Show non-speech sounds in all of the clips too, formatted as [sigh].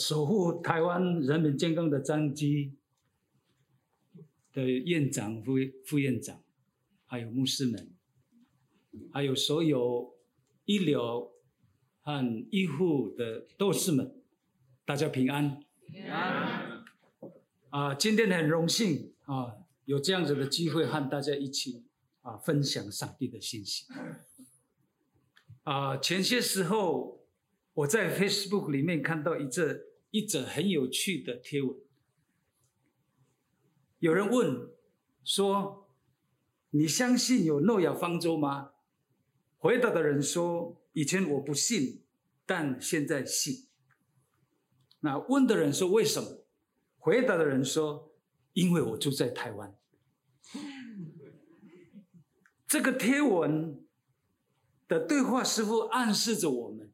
守護台灣人民健康的彰基的院長、副副院長，還有牧師們，還有所有醫療和醫護的鬥士們，大家平安。平安啊，今天很榮幸啊，有這樣子的機會和大家一起啊，分享上帝的信息。啊，前些時候我在 Facebook 裡面看到一則，一則很有趣的貼文，有人問說：“你相信有諾亞方舟嗎？”回答的人說：“以前我不信，但現在信。”那問的人說：“為什麼？”回答的人說：“因為我住在台灣。”這個貼文的對話似乎暗示着我們。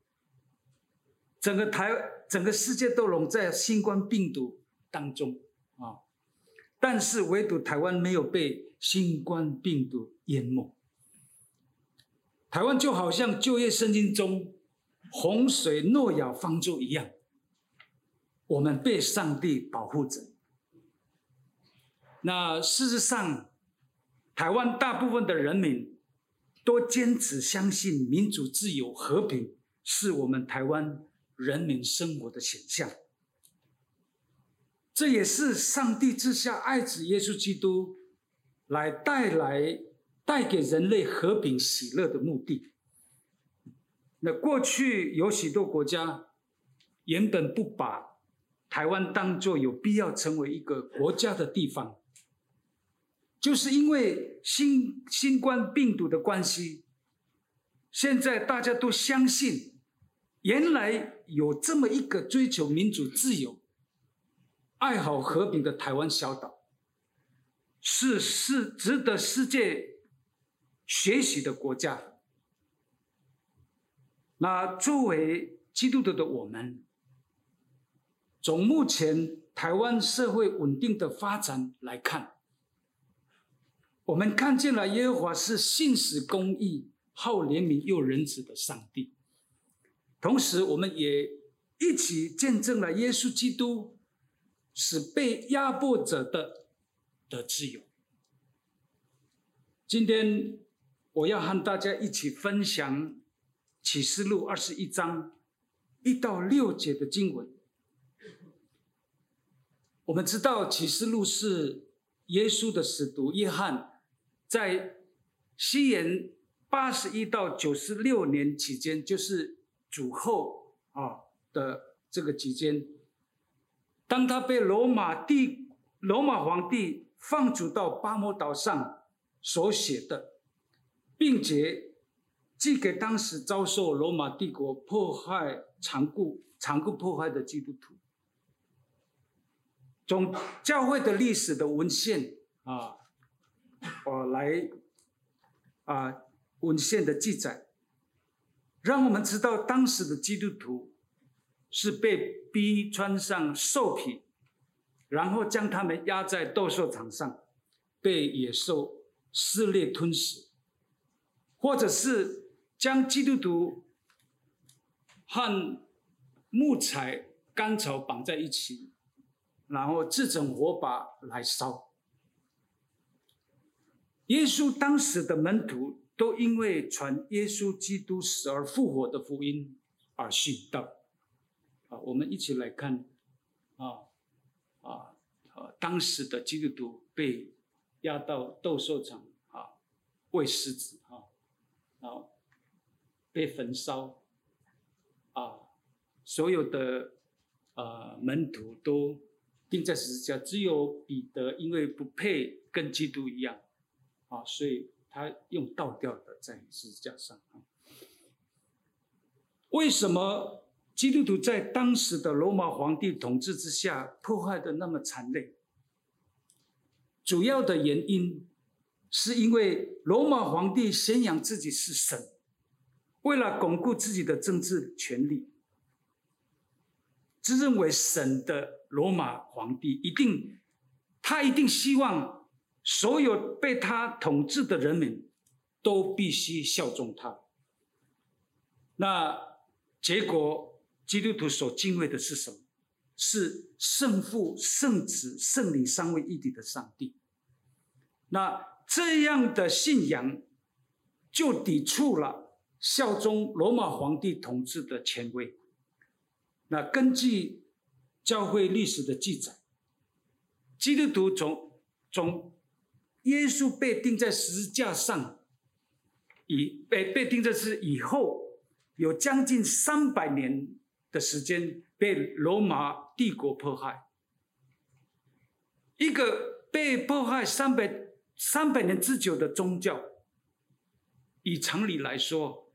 整個台，整個世界都籠在新冠病毒當中啊，但是唯獨台灣沒有被新冠病毒淹沒。台灣就好像舊約聖經中洪水諾亞方舟一樣，我們被上帝保護着。那事實上，台灣大部分的人民都堅持相信民主、自由、和平是我們台灣。人民生活的景象，這也是上帝之下愛子耶穌基督來帶來帶給人類和平喜樂的目的。那過去有許多國家原本不把台灣當作有必要成為一個國家的地方，就是因為新新冠病毒的關係，現在大家都相信，原來有這麼一個追求民主自由、愛好和平的台灣小島，是是值得世界學習的國家。那作為基督徒的我們，從目前台灣社會穩定的發展來看，我們看見了耶和華是信實、公義、好憐憫又仁慈的上帝。同時，我們也一起見證了耶穌基督是被壓迫者的的自由。今天，我要和大家一起分享《啟示錄》二十一章一到六節的經文。我們知道，《啟示錄》是耶穌的使徒約翰在西元八十一到九十六年期間，就是。主後啊的這個期間，當他被羅馬帝、羅馬皇帝放逐到巴摩島上所寫的，並且寄給當時遭受羅馬帝國迫害、殘酷、殘酷迫害的基督徒，從教會的歷史的文獻啊，我、呃、來啊、呃、文獻的記載。讓我們知道，當時的基督徒是被逼穿上獸皮，然後將他們壓在鬥獸場上，被野獸撕裂吞噬，或者是將基督徒和木材、乾草綁在一起，然後制成火把來燒。耶穌當時的門徒，都因為傳耶穌基督死而復活的福音而殉道。啊，我們一起來看啊啊啊！當時的基督徒被押到鬥獸場啊餵獅子啊，然後、啊、被焚燒啊！所有的呃門徒都釘在十字架，只有彼得因為不配跟基督一樣啊，所以。他用倒吊的在十字架上。為什麼基督徒在當時的羅馬皇帝統治之下迫害的那麼慘烈？主要的原因是因為羅馬皇帝宣揚自己是神，為了鞏固自己的政治權力。自認為神的羅馬皇帝一定，他一定希望。所有被他統治的人民都必須效忠他。那結果，基督徒所敬畏的是什麼？是聖父、聖子、聖靈三位一體的上帝。那這樣的信仰就抵觸了效忠羅馬皇帝統治的權威。那根據教會歷史的記載，基督徒從從耶穌被釘在十字架上，以、呃、被被釘在十字架以後，有將近三百年的時間被羅馬帝國迫害。一個被迫害三百三百年之久的宗教，以常理來說，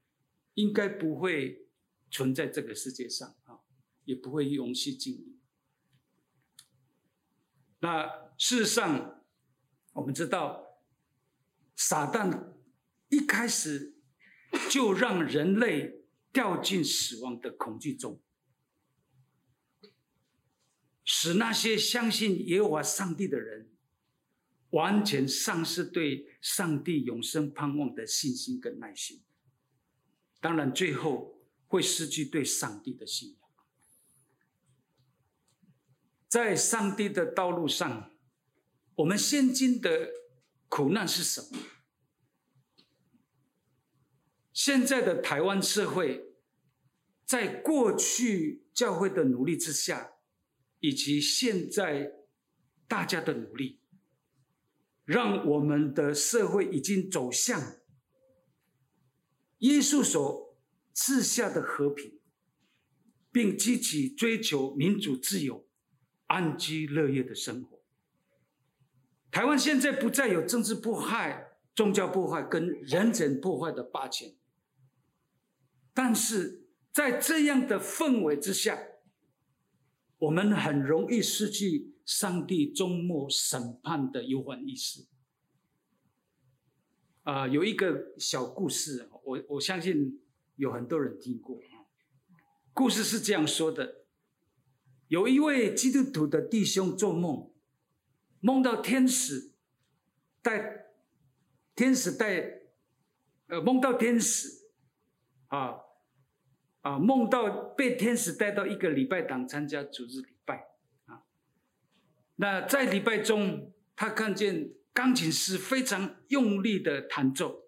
應該不會存在這個世界上啊，也不會永續經營。那事實上，我們知道，撒旦一開始就讓人類掉進死亡的恐懼中，使那些相信耶和華上帝的人完全喪失對上帝永生盼望的信心跟耐心。當然，最後會失去對上帝的信仰，在上帝的道路上。我們現今的苦難是什麼？現在的台灣社會，在過去教會的努力之下，以及現在大家的努力，讓我們的社會已經走向耶穌所賜下的和平，並積極追求民主、自由、安居樂業的生活。台灣現在不再有政治迫害、宗教迫害跟人權破壞的霸權，但是在這樣的氛圍之下，我們很容易失去上帝終末審判的憂患意識。啊、呃，有一個小故事，我我相信有很多人聽過。故事是這樣說的：有一位基督徒的弟兄做夢。夢到天使帶天使帶，呃，夢到天使啊啊，夢到被天使帶到一個禮拜堂參加主日禮拜啊。那在禮拜中，他看見鋼琴師非常用力的彈奏，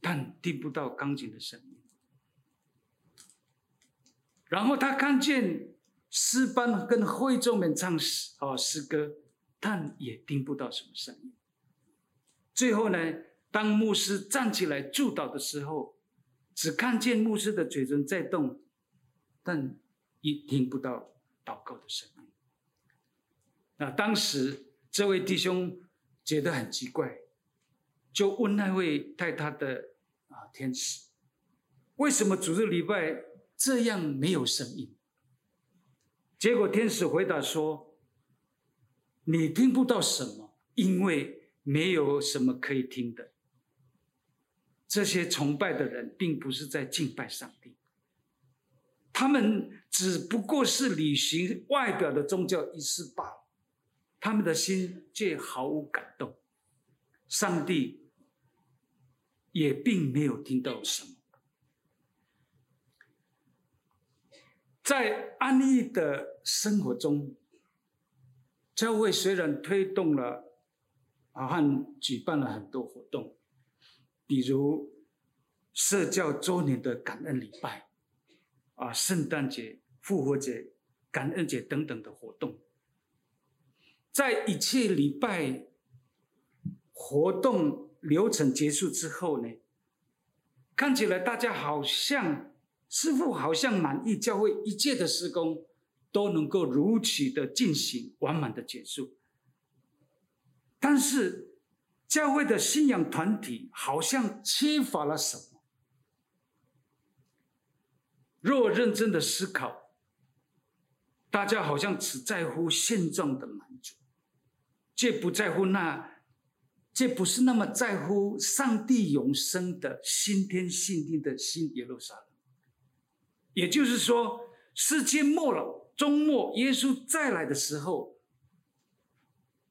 但聽不到鋼琴的聲音。然後他看見詩班跟會眾們唱詩啊、哦、詩歌。但也聽不到什麼聲音。最後呢，當牧師站起來祝禱的時候，只看見牧師的嘴唇在動，但也聽不到禱告的聲音。那當時這位弟兄覺得很奇怪，就問那位帶他的啊天使：“為什麼主日禮拜這樣沒有聲音？”結果天使回答說。你聽不到什麼，因為沒有什麼可以聽的。這些崇拜的人並不是在敬拜上帝，他們只不過是履行外表的宗教儀式罷了。他們的心卻毫無感動，上帝也並沒有聽到什麼。在安逸的生活中。教會雖然推動了啊，還舉辦了很多活動，比如社教週年的感恩禮拜，啊，聖誕節、復活節、感恩節等等的活動，在一切禮拜活動流程結束之後呢，看起來大家好像似乎好像滿意教會一切的事工。都能夠如期的進行完滿的結束，但是教會的信仰團體好像缺乏了什麼？若認真的思考，大家好像只在乎現狀的滿足，卻不在乎那，卻不是那麼在乎上帝永生的新天新地的新耶路撒冷。也就是說，世界末了。終末，耶穌再來的時候，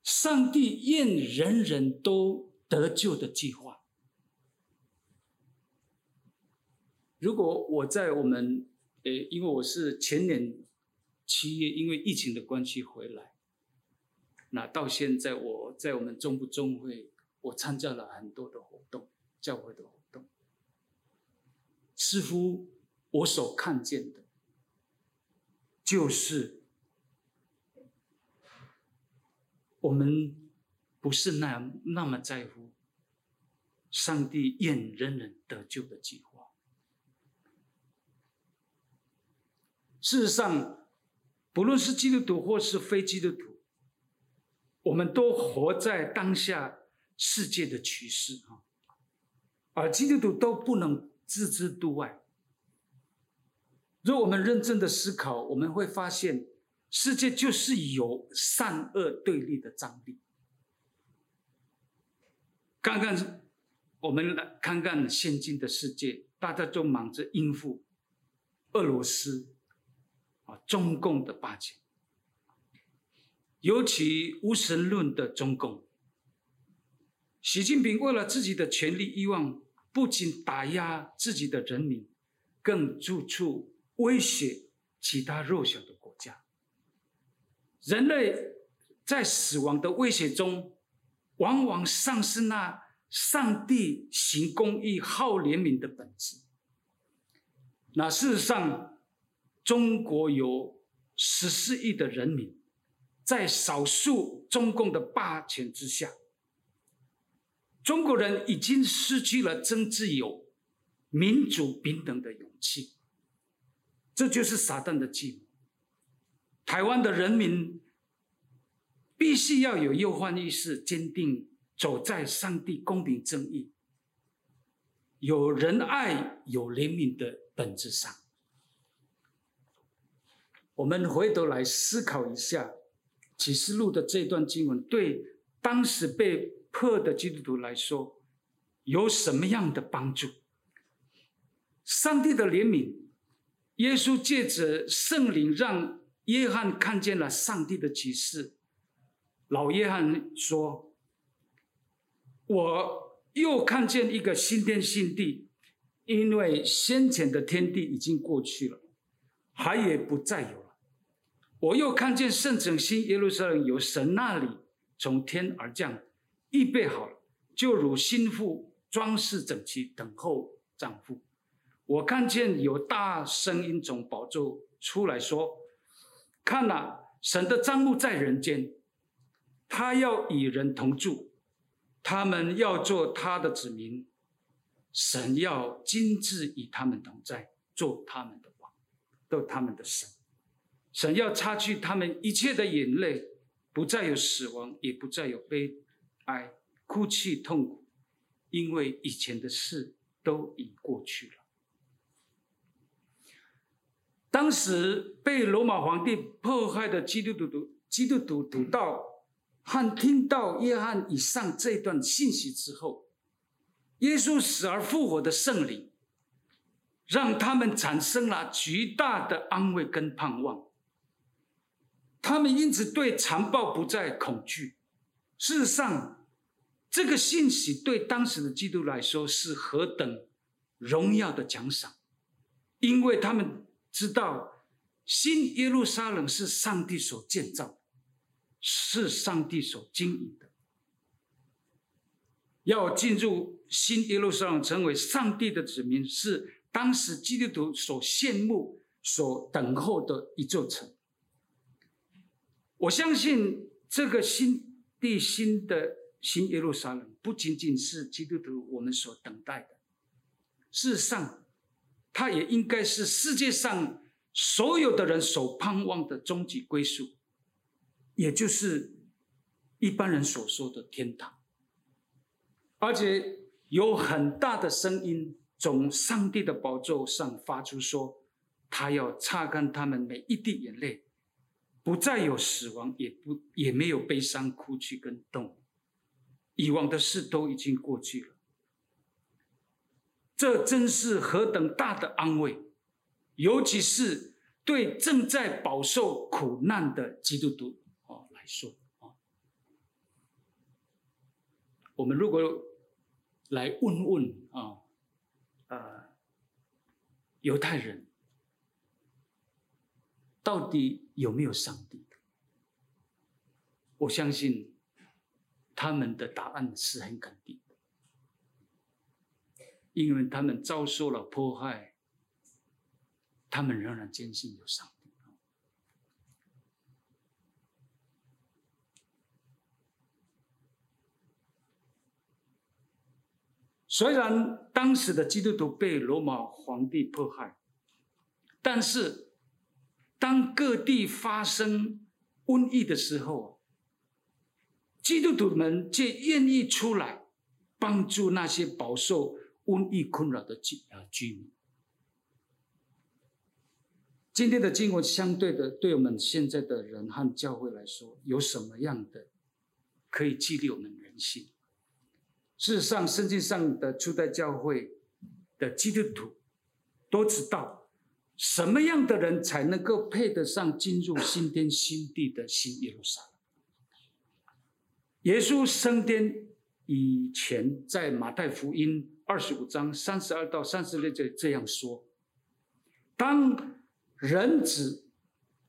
上帝願人人都得救的計劃。如果我在我們，呃，因為我是前年七月因為疫情的關係回來，那到現在我在我們中部中會，我參加了很多的活動，教會的活動，似乎我所看見的。就是我們不是那樣那麼在乎上帝願人人得救的計劃。事實上，不論是基督徒或是非基督徒，我們都活在當下世界的趨勢啊，而基督徒都不能置之度外。所以我們認真的思考，我們會發現，世界就是有善惡對立的張力。剛剛我們看看現今的世界，大家都忙着應付俄羅斯啊，中共的霸權，尤其無神論的中共。習近平為了自己的權力欲望，不僅打壓自己的人民，更處處。威脅其他弱小的國家。人類在死亡的威脅中，往往喪失那上帝行公義、好憐憫的本質。那事實上，中國有十四億的人民，在少數中共的霸權之下，中國人已經失去了爭自由、民主、平等的勇氣。這就是撒旦的寂寞。台灣的人民必須要有憂患意識，堅定走在上帝公平正義、有仁愛、有憐憫的本質上。我們回頭來思考一下啟示錄的這段經文，對當時被迫的基督徒來說，有什麼樣的幫助？上帝的憐憫。耶穌借着聖靈，讓約翰看見了上帝的啟示。老約翰說：“我又看見一個新天新地，因為先前的天地已經過去了，海也不再有了。我又看見聖城新耶路撒冷由神那裡從天而降，預備好了，就如新婦裝飾整齊，等候丈夫。”我看見有大聲音從寶座出來說：“看哪，神的帳幕在人間，他要與人同住，他們要做他的子民，神要親自與他們同在，做他們的王，做他們的神。神要擦去他們一切的眼淚，不再有死亡，也不再有悲哀、哭泣、痛苦，因為以前的事都已過去了。”當時被羅馬皇帝迫害的基督徒、基督徒讀到和聽到約翰以上這段信息之後，耶穌死而復活的聖靈，讓他們產生了巨大的安慰跟盼望。他們因此對殘暴不再恐懼。事實上，這個信息對當時的基督來說是何等榮耀的獎賞，因為他們，知道新耶路撒冷是上帝所建造的，是上帝所經營的。要進入新耶路撒冷，成為上帝的子民，是當時基督徒所羨慕、所等候的一座城。我相信這個新地、新的新耶路撒冷，不僅僅是基督徒我們所等待的，是上帝。他也應該是世界上所有的人所盼望的終極歸宿，也就是一般人所說的天堂。而且有很大的聲音從上帝的寶座上發出說，說他要擦乾他們每一滴眼淚，不再有死亡，也不也沒有悲傷、哭泣跟痛，以往的事都已經過去了。這真是何等大的安慰，尤其是對正在飽受苦難的基督徒啊來說啊。我們如果來問問啊，呃，猶太人到底有沒有上帝？我相信他們的答案是很肯定。因為他們遭受了迫害，他們仍然堅信有上帝。雖然當時的基督徒被羅馬皇帝迫害，但是當各地發生瘟疫的時候，基督徒們卻願意出來幫助那些飽受。瘟疫困擾的居啊，居民。今天的經文相對的，對我們現在的人和教會來說，有什麼樣的可以激勵我們人心？事實上，聖經上的初代教會的基督徒都知道，什麼樣的人才能夠配得上進入新天新地的新耶路撒冷。耶穌升天以前，在馬太福音。二十五章三十二到三十六節這樣說：當人子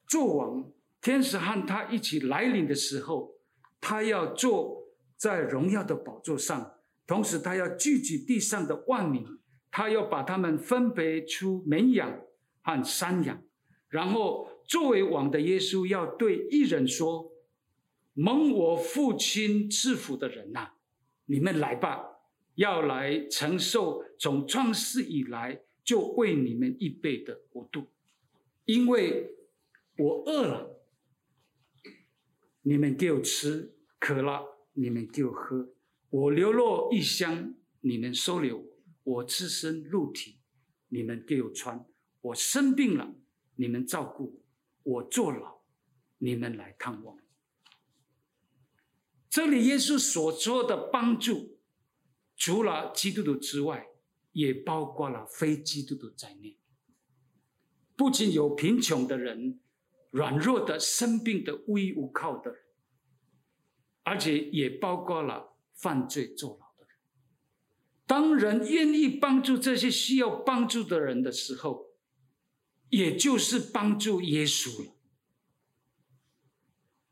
做王，天使和他一起來臨的時候，他要坐在榮耀的寶座上，同時他要聚集地上的萬民，他要把他們分別出綿羊和山羊。然後作為王的耶穌要對義人說：“蒙我父親賜福的人吶、啊，你們來吧。”要來承受從創世以來就為你們預備的國度，因為我餓了，你們給我吃；渴了，你們給我喝；我流落異鄉，你們收留我；我赤身露體，你們給我穿；我生病了，你們照顧我；我坐牢，你們來看望。這裡耶穌所做的幫助。除了基督徒之外，也包括了非基督徒在內。不僅有貧窮的人、軟弱的、生病的、無依無靠的人，而且也包括了犯罪坐牢的人。當人願意幫助這些需要幫助的人的時候，也就是幫助耶穌了。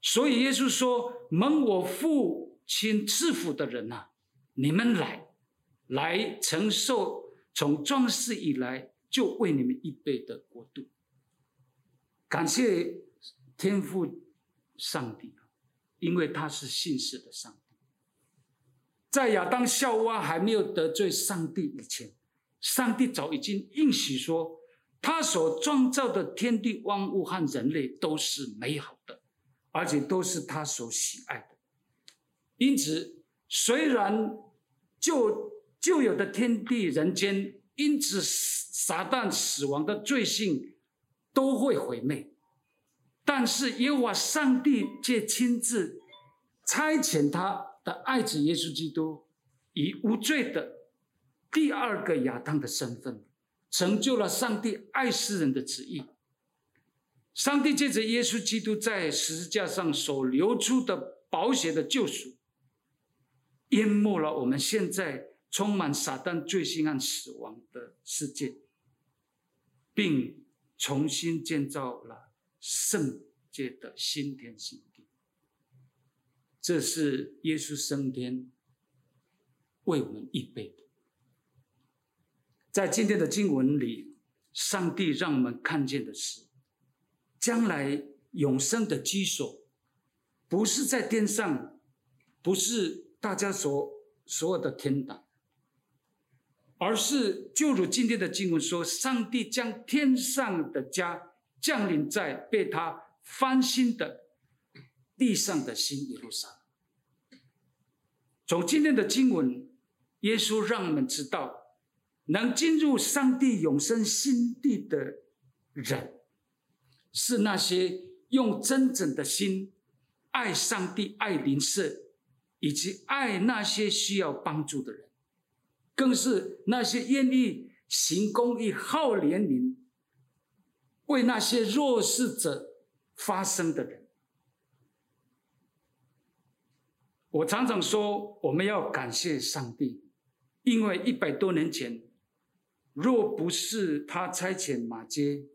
所以耶穌說：“蒙我父親賜福的人吶、啊。你們來，來承受從創世以來就為你們預備的國度。感謝天父上帝，因為他是信實的上帝。在亞當夏娃還沒有得罪上帝以前，上帝早已經應許說，他所創造的天地萬物和人類都是美好的，而且都是他所喜愛的。因此，雖然舊舊有的天地人間，因此撒旦死亡的罪性都會毀滅。但是，耶和華上帝卻親自差遣他的愛子耶穌基督，以無罪的第二個亞當的身份，成就了上帝愛世人的旨意。上帝借着耶穌基督在十字架上所流出的寶血的救贖。淹沒了我們現在充滿撒旦罪行和死亡的世界，並重新建造了聖潔的新天新地。這是耶穌升天為我們預備的。在今天的經文裡，上帝讓我們看見的是，將來永生的居所，不是在天上，不是。大家所所有的天堂，而是就如今天的經文說，上帝將天上的家降臨在被他翻新的地上的新耶路撒冷。從今天的經文，耶穌讓我們知道，能進入上帝永生新地的人，是那些用真正的心愛上帝、愛鄰舍，以及愛那些需要幫助的人，更是那些願意行公義、好憐憫，為那些弱勢者發聲的人。我常常說，我們要感謝上帝，因為一百多年前，若不是他差遣馬偕、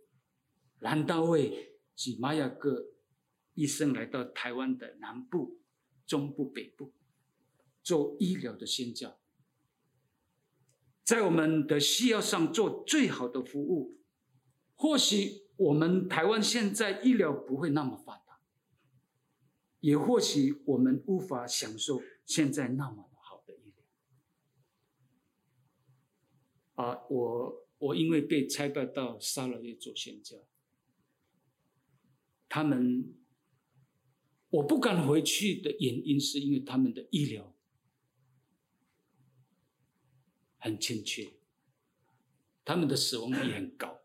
蘭大衛及馬雅各醫生來到台灣的南部。中部、北部做醫療的宣教，在我們的需要上做最好的服務。或許我們台灣現在醫療不會那麼發達，也或許我們無法享受現在那麼好的醫療。啊，我我因為被差派到沙勞越做宣教，他們。我不敢回去的原因，是因為他們的醫療很欠缺，他們的死亡率很高。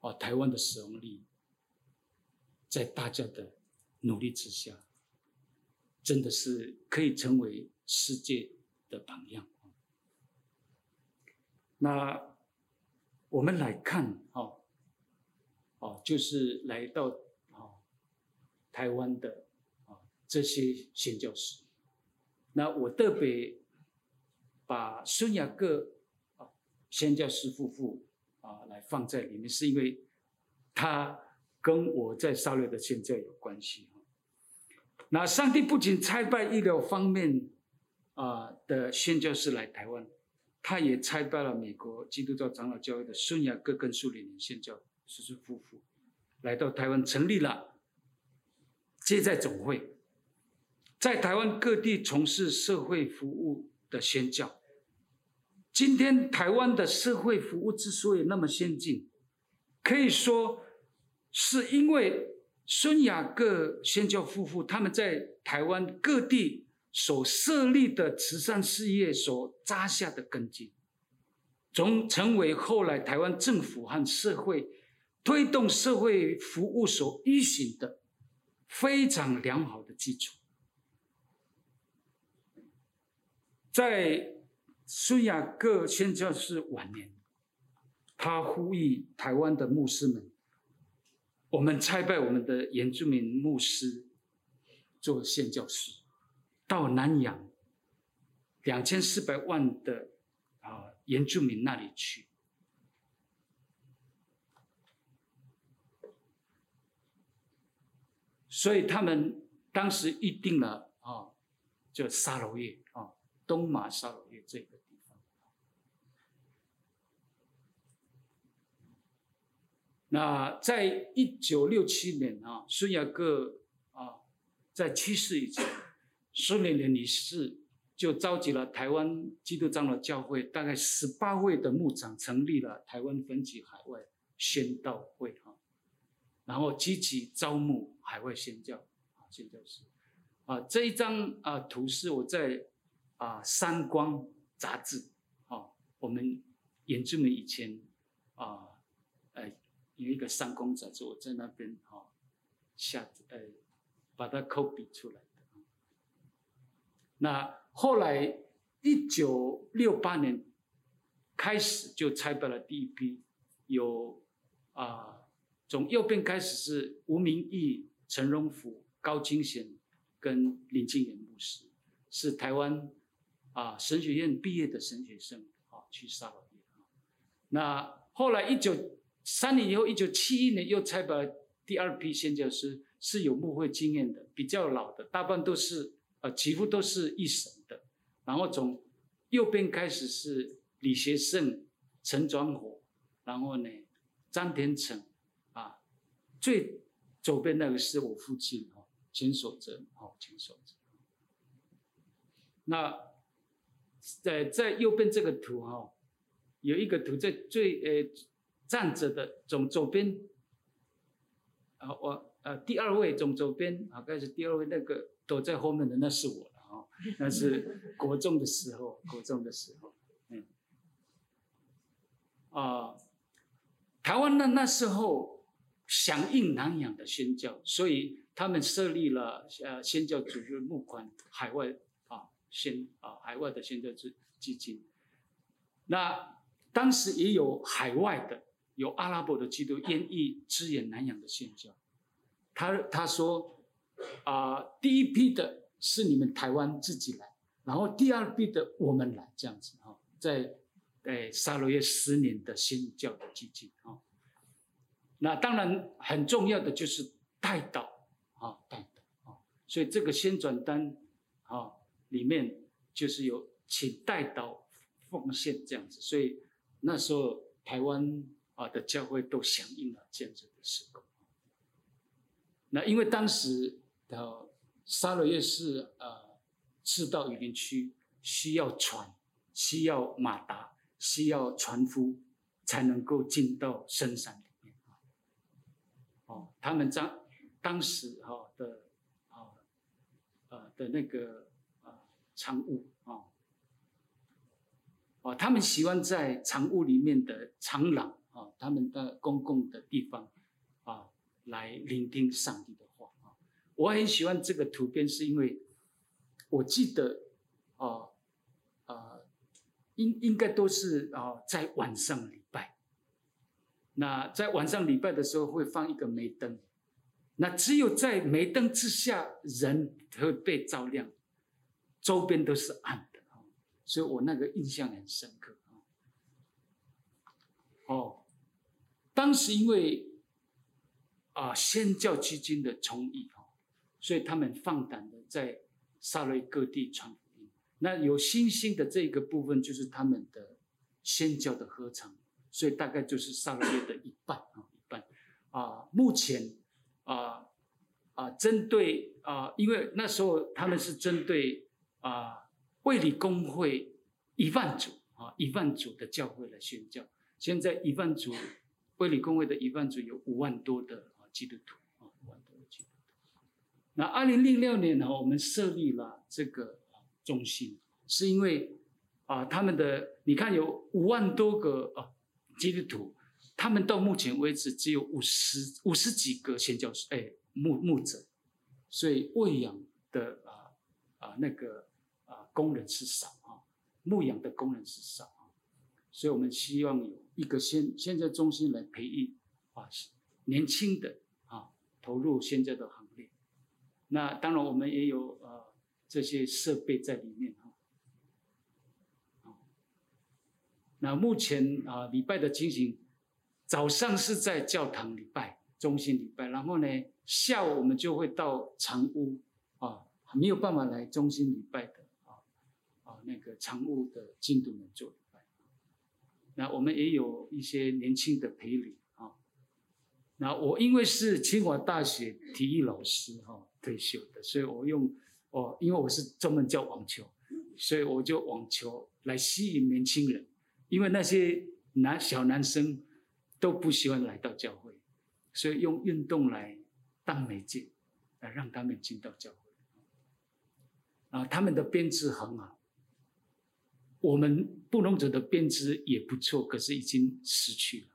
啊，台灣的死亡率在大家的努力之下，真的是可以成為世界的榜樣。那我們來看，哈，哦，就是來到。台灣的啊這些宣教師，那我特別把孫雅各啊宣教師夫婦啊來放在裡面，是因為他跟我在沙律的宣教有關係哈。那上帝不僅差派醫療方面啊的宣教師來台灣，他也差派了美國基督教長老教會的孫雅各跟蘇里寧宣教師夫婦來到台灣，成立了。接在總會，在台灣各地從事社會服務的宣教。今天台灣的社會服務之所以那麼先進，可以說是因為孫雅各宣教夫婦他們在台灣各地所設立的慈善事業所紮下的根基，從成為後來台灣政府和社會推動社會服務所依行的。非常良好的基礎，在孫雅各宣教師晚年，他呼籲台灣的牧師們，我們差派我們的原住民牧師做宣教師，到南洋兩千四百萬的啊原住民那裡去。所以他們當時預定了啊，就砂拉越啊，東馬砂拉越這個地方。那在一九六七年啊，孫雅各啊在去世以前，孫理蓮女士就召集了台灣基督長老教會大概十八位的牧長，成立了台灣分級海外宣道會。然後積極招募海外宣教宣教師。啊，這一張啊圖是我在啊《三光》雜誌，啊，我們研究的以前啊，呃，有一個《三光》雜誌，我在那邊啊，下呃把它拷貝出來的。那後來一九六八年開始就差派了第一批有啊。從右邊開始是吳明義、陳榮福、高金賢跟林敬言牧師，是台灣啊、呃、神學院畢業的神學生啊去沙哈。那後來一九三年以後，一九七一年又差派第二批宣教師，是有牧會經驗的，比較老的，大半都是啊、呃、幾乎都是一省的。然後從右邊開始是李學勝、陳轉火，然後呢張天成。最左邊那個是我父親哈，秦守正哈，秦守正。那在在右邊這個圖哈，有一個圖在最呃站着的從左邊，啊我呃第二位從左邊啊，開始第二位那個躲在後面的，那是我了，那是國中的時候， [laughs] 國中的時候，嗯，啊，台灣那那時候。響應南洋的宣教，所以他們設立了呃宣教組織募款海外啊宣啊海外的宣教資基金。那當時也有海外的，有阿拉伯的基督徒願意支援南洋的宣教。他他說啊、呃，第一批的是你們台灣自己來，然後第二批的我們來這樣子啊，在哎沙羅約十年的宣教的基金啊。那當然很重要的就是代禱啊，代禱啊，所以這個宣傳單啊裡面就是有請代禱奉獻這樣子。所以那時候台灣啊的教會都響應了這樣子的事工。那因為當時的砂拉越是呃赤道雨林區，需要船、需要馬達、需要船夫才能夠進到深山裡。哦，他們當當時哈的，哦，呃、的那個啊，長屋啊，哦，他們喜歡在長屋裡面的長廊啊、哦，他們的公共的地方啊，來聆聽上帝的話啊。我很喜歡這個圖片，是因為我記得啊、呃，呃，應應該都是啊、呃，在晚上裡。那在晚上禮拜的時候會放一個煤燈，那只有在煤燈之下人才會被照亮，周邊都是暗的，所以我那個印象很深刻哦，當時因為啊，宣教基金的崇義，所以他們放膽的在沙雷各地傳福音。那有星星的這個部分，就是他們的宣教的合唱。所以大概就是上個月的一半啊，一半，啊，目前，啊，啊，針對啊，因為那時候他們是針對啊，衛理公會一萬組啊，一萬組的教會來宣教。現在一萬組衛理公會的一萬組有五萬多的基督徒啊，五萬多的基督徒。那二零零六年呢，我們設立了這個中心，是因為啊，他們的你看有五萬多個啊。基督徒，他們到目前為止只有五十五十幾個宣教士，哎，牧牧者，所以餵養的啊啊、呃呃、那個啊、呃、工人是少啊，牧養的工人是少啊，所以我們希望有一個宣宣教中心來培育啊，年輕的啊，投入宣教的行列。那當然我們也有呃這些設備在裡面啊。那目前啊，禮拜的情形，早上是在教堂禮拜，中心禮拜，然後呢，下午我們就會到長屋啊，沒有辦法來中心禮拜的啊，啊，那個長屋的信徒們做禮拜。那我們也有一些年輕的陪禮啊。那我因為是清華大學體育老師哈、啊、退休的，所以我用哦，因為我是專門教網球，所以我就網球來吸引年輕人。因為那些男小男生都不喜歡來到教會，所以用運動來當媒介，來讓他們進到教會。啊，他們的編織很好，我們布農族的編織也不錯，可是已經失去了。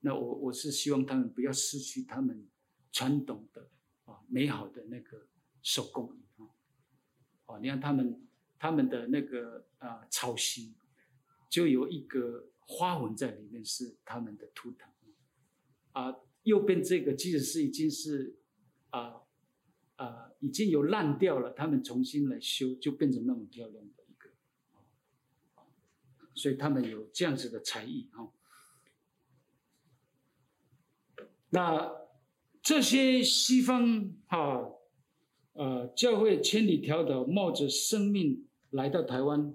那我我是希望他們不要失去他們傳統的啊美好的那個手工啊，啊，你看他們他們的那個啊草席，就有一個花紋在裡面，是他們的圖騰啊。右邊這個，即使是已經是啊啊，已經有爛掉了，他們重新來修，就變成那麼漂亮的一個。所以他們有這樣子的才藝啊。那這些西方哈，呃、啊、教會千里迢迢冒着生命來到台灣，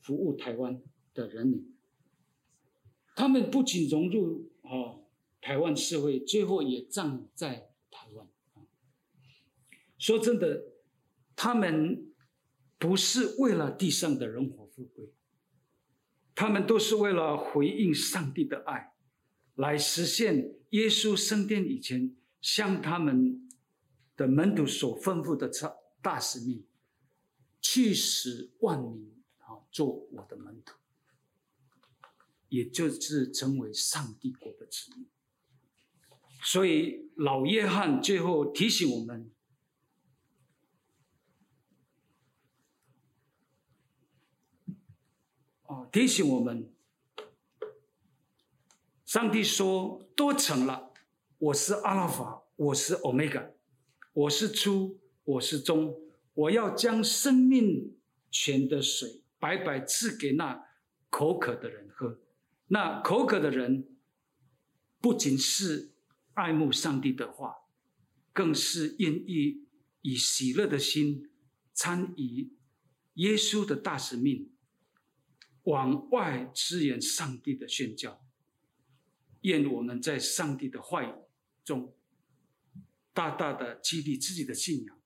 服務台灣，的人民，他們不僅融入哦台灣社會，最後也葬在台灣。啊。說真的，他們不是為了地上的榮華富貴，他們都是為了回應上帝的愛，來實現耶穌升天以前向他們的門徒所吩咐的大使命，去使萬民啊做我的門徒。也就是成為上帝國的子民，所以老約翰最後提醒我們：哦，提醒我們，上帝說：“都成了，我是阿拉法，我是歐米伽，我是初，我是終，我要將生命泉的水白白賜給那口渴的人喝。”那口渴的人，不僅是愛慕上帝的話，更是願意以喜樂的心參與耶穌的大使命，往外支援上帝的宣教。願我們在上帝的話語中，大大的激勵自己的信仰，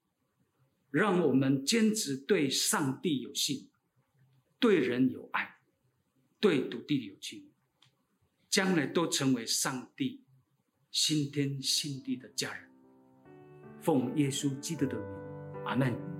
讓我們堅持對上帝有信，對人有愛，對土地有情。將來都成為上帝新天新地的家人，奉耶穌基督的名，阿門。